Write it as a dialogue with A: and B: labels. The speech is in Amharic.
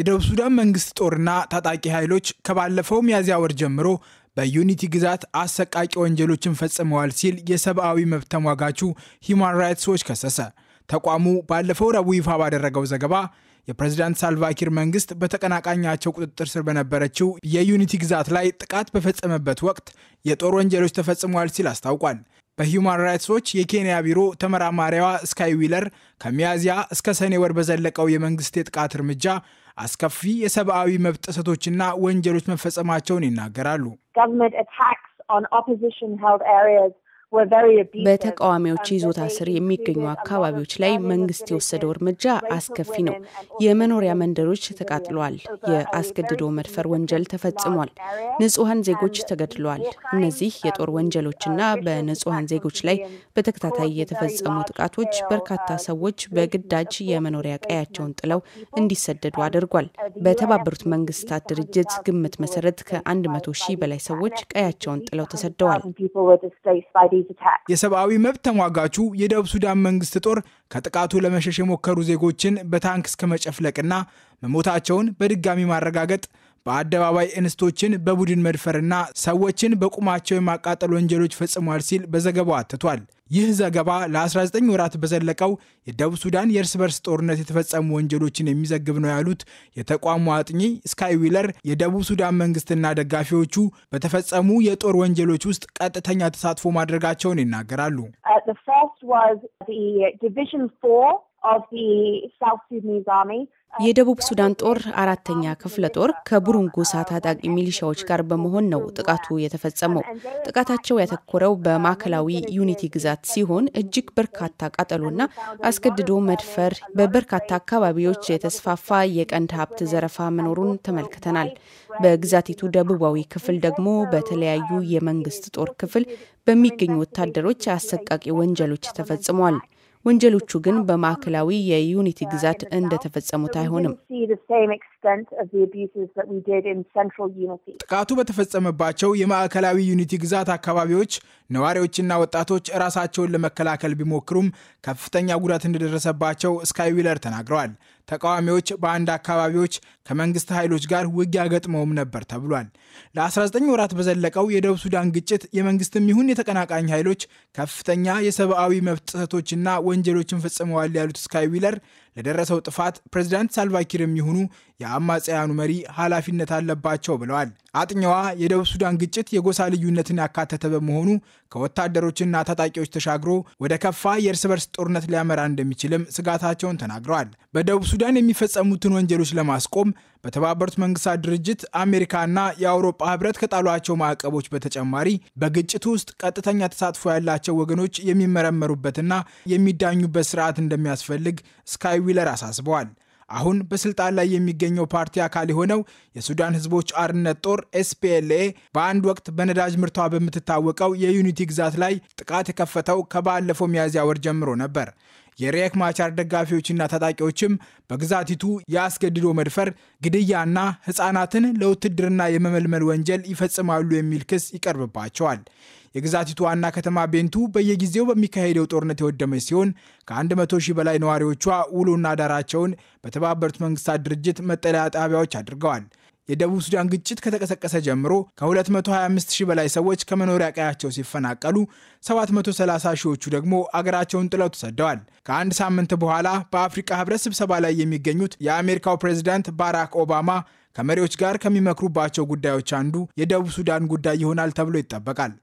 A: የደቡብ ሱዳን መንግስት ጦርና ታጣቂ ኃይሎች ከባለፈው ሚያዝያ ወር ጀምሮ በዩኒቲ ግዛት አሰቃቂ ወንጀሎችን ፈጽመዋል ሲል የሰብአዊ መብት ተሟጋቹ ሂማን ራይትስ ዎች ከሰሰ። ተቋሙ ባለፈው ረቡዕ ይፋ ባደረገው ዘገባ የፕሬዚዳንት ሳልቫኪር መንግስት በተቀናቃኛቸው ቁጥጥር ስር በነበረችው የዩኒቲ ግዛት ላይ ጥቃት በፈጸመበት ወቅት የጦር ወንጀሎች ተፈጽመዋል ሲል አስታውቋል። በሂውማን ራይትስ ዎች የኬንያ ቢሮ ተመራማሪዋ ስካይ ዊለር ከሚያዝያ እስከ ሰኔ ወር በዘለቀው የመንግስት የጥቃት እርምጃ አስከፊ የሰብአዊ መብት ጥሰቶችና ወንጀሎች መፈጸማቸውን ይናገራሉ።
B: በተቃዋሚዎች ይዞታ ስር የሚገኙ አካባቢዎች ላይ መንግስት የወሰደው እርምጃ አስከፊ ነው። የመኖሪያ መንደሮች ተቃጥለዋል። የአስገድዶ መድፈር ወንጀል ተፈጽሟል። ንጹሐን ዜጎች ተገድለዋል። እነዚህ የጦር ወንጀሎችና በንጹሐን ዜጎች ላይ በተከታታይ የተፈጸሙ ጥቃቶች በርካታ ሰዎች በግዳጅ የመኖሪያ ቀያቸውን ጥለው እንዲሰደዱ አድርጓል። በተባበሩት መንግስታት ድርጅት ግምት መሰረት ከ መቶ ሺህ በላይ ሰዎች ቀያቸውን
A: ጥለው ተሰደዋል። የሰብአዊ መብት ተሟጋቹ የደቡብ ሱዳን መንግስት ጦር ከጥቃቱ ለመሸሽ የሞከሩ ዜጎችን በታንክ እስከ መጨፍለቅና መሞታቸውን በድጋሚ ማረጋገጥ በአደባባይ እንስቶችን በቡድን መድፈርና ሰዎችን በቁማቸው የማቃጠል ወንጀሎች ፈጽሟል ሲል በዘገባው አትቷል። ይህ ዘገባ ለ19 ወራት በዘለቀው የደቡብ ሱዳን የእርስ በርስ ጦርነት የተፈጸሙ ወንጀሎችን የሚዘግብ ነው ያሉት የተቋሙ አጥኚ ስካይ ዊለር የደቡብ ሱዳን መንግስትና ደጋፊዎቹ በተፈጸሙ የጦር ወንጀሎች ውስጥ ቀጥተኛ ተሳትፎ ማድረጋቸውን ይናገራሉ።
B: uh, Uh, የደቡብ ሱዳን ጦር አራተኛ uh, ክፍለ ጦር ከቡሩንጉሳ ታጣቂ ሚሊሻዎች ጋር በመሆን ነው ጥቃቱ የተፈጸመው። ጥቃታቸው ያተኮረው በማዕከላዊ ዩኒቲ ግዛት ሲሆን እጅግ በርካታ ቃጠሎና አስገድዶ መድፈር፣ በበርካታ አካባቢዎች የተስፋፋ የቀንድ ሀብት ዘረፋ መኖሩን ተመልክተናል። በግዛቲቱ ደቡባዊ ክፍል ደግሞ በተለያዩ የመንግስት ጦር ክፍል በሚገኙ ወታደሮች አሰቃቂ ወንጀሎች ተፈጽሟል። ወንጀሎቹ ግን በማዕከላዊ የዩኒቲ ግዛት እንደተፈጸሙት አይሆንም።
A: ጥቃቱ በተፈጸመባቸው የማዕከላዊ ዩኒቲ ግዛት አካባቢዎች ነዋሪዎችና ወጣቶች ራሳቸውን ለመከላከል ቢሞክሩም ከፍተኛ ጉዳት እንደደረሰባቸው ስካይ ዊለር ተናግረዋል። ተቃዋሚዎች በአንድ አካባቢዎች ከመንግስት ኃይሎች ጋር ውጊያ ገጥመውም ነበር ተብሏል። ለ19 ወራት በዘለቀው የደቡብ ሱዳን ግጭት የመንግስትም ይሁን የተቀናቃኝ ኃይሎች ከፍተኛ የሰብአዊ መብት ጥሰቶችና ወንጀሎችን ፈጽመዋል ያሉት ስካይ ዊለር ለደረሰው ጥፋት ፕሬዚዳንት ሳልቫኪር የሚሆኑ የአማጽያኑ መሪ ኃላፊነት አለባቸው ብለዋል። አጥኛዋ የደቡብ ሱዳን ግጭት የጎሳ ልዩነትን ያካተተ በመሆኑ ከወታደሮችና ታጣቂዎች ተሻግሮ ወደ ከፋ የእርስ በርስ ጦርነት ሊያመራ እንደሚችልም ስጋታቸውን ተናግረዋል። በደቡብ ሱዳን የሚፈጸሙትን ወንጀሎች ለማስቆም በተባበሩት መንግስታት ድርጅት አሜሪካና የአውሮፓ ህብረት ከጣሏቸው ማዕቀቦች በተጨማሪ በግጭቱ ውስጥ ቀጥተኛ ተሳትፎ ያላቸው ወገኖች የሚመረመሩበትና የሚዳኙበት ስርዓት እንደሚያስፈልግ ስካይ ዊለር አሳስበዋል። አሁን በስልጣን ላይ የሚገኘው ፓርቲ አካል የሆነው የሱዳን ህዝቦች አርነት ጦር ኤስፒኤልኤ በአንድ ወቅት በነዳጅ ምርቷ በምትታወቀው የዩኒቲ ግዛት ላይ ጥቃት የከፈተው ከባለፈው ሚያዝያ ወር ጀምሮ ነበር። የሪየክ ማቻር ደጋፊዎችና ታጣቂዎችም በግዛቲቱ የአስገድዶ መድፈር፣ ግድያና ህፃናትን ለውትድርና የመመልመል ወንጀል ይፈጽማሉ የሚል ክስ ይቀርብባቸዋል። የግዛቲቱ ዋና ከተማ ቤንቱ በየጊዜው በሚካሄደው ጦርነት የወደመች ሲሆን ከ100 ሺህ በላይ ነዋሪዎቿ ውሎና አዳራቸውን በተባበሩት መንግስታት ድርጅት መጠለያ ጣቢያዎች አድርገዋል። የደቡብ ሱዳን ግጭት ከተቀሰቀሰ ጀምሮ ከ225 ሺህ በላይ ሰዎች ከመኖሪያ ቀያቸው ሲፈናቀሉ 730 ሺዎቹ ደግሞ አገራቸውን ጥለው ተሰደዋል። ከአንድ ሳምንት በኋላ በአፍሪካ ህብረት ስብሰባ ላይ የሚገኙት የአሜሪካው ፕሬዚዳንት ባራክ ኦባማ ከመሪዎች ጋር ከሚመክሩባቸው ጉዳዮች አንዱ የደቡብ ሱዳን ጉዳይ ይሆናል ተብሎ ይጠበቃል።